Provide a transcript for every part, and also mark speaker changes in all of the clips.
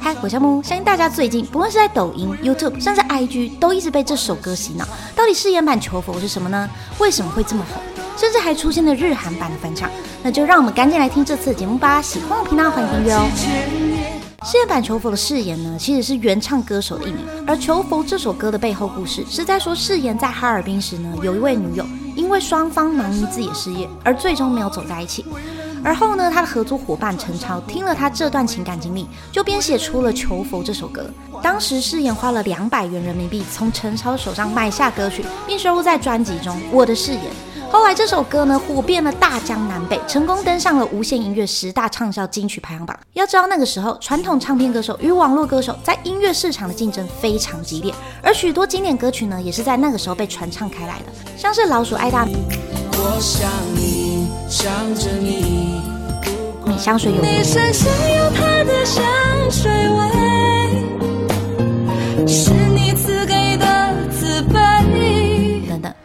Speaker 1: 嗨，Hi, 我是夏慕，我相信大家最近，不論是在抖音、YouTube，甚至 IG，都一直被這首歌洗腦。到底誓言版求佛是什麼呢？為什麼會這麼紅？甚至還出現了日韓版的翻唱。那就讓我們趕緊來聽這次的節目吧！喜歡我的頻道，歡迎訂閱哦。誓言版《求佛》的誓言呢，其實是原唱歌手的藝名。而《求佛》這首歌的背後故事，是在說誓言在哈爾濱時呢，有一位女友，因為雙方忙於自己的事業，而最終沒有走在一起。而後呢，他的合作夥伴陳超聽了他這段情感經歷，就編寫出了《求佛》這首歌。當時誓言花了兩百元人民幣從陳超手上買下歌曲，並收錄在專輯中《我的誓言》。後來這首歌呢火遍了大江南北，成功登上了無線音樂十大暢銷金曲排行榜。要知道那個時候，傳統唱片歌手與網絡歌手在音樂市場的競爭非常激烈，而許多經典歌曲呢也是在那個時候被傳唱開來的，像是《老鼠愛大米》。我想想你，想着你，你身上有她的香水味。是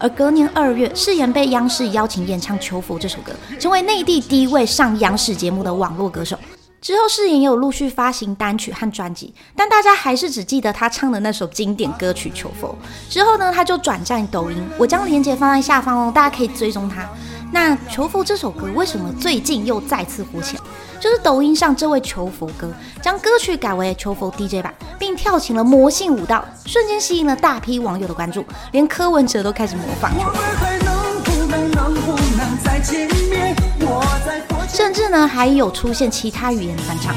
Speaker 1: 而隔年二月，誓言被央視邀請演唱《求佛》這首歌，成為內地第一位上央視節目的網絡歌手。之後，誓言也有陸續發行單曲和專輯，但大家還是只記得他唱的那首經典歌曲《求佛》。之後呢，他就轉戰抖音，我將鏈接放在下方哦，大家可以追蹤他。那《求佛》這首歌為什麼最近又再次火起來？就是抖音上這位“求佛哥”將歌曲改為《求佛 DJ 版》，並跳起了魔性舞蹈，瞬間吸引了大批網友的關注，連柯文哲都開始模仿，甚至呢還有出現其他語言的翻唱。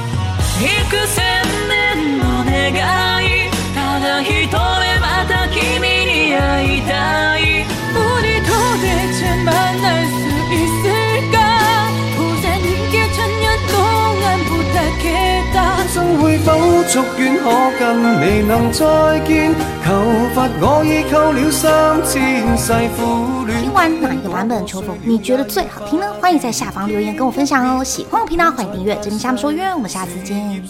Speaker 1: 我聽完哪一個版本《求佛》你覺得最好聽呢？歡迎在下方留言跟我分享哦！喜歡我的頻道，歡迎訂閱，點擊下面收願我們下次見。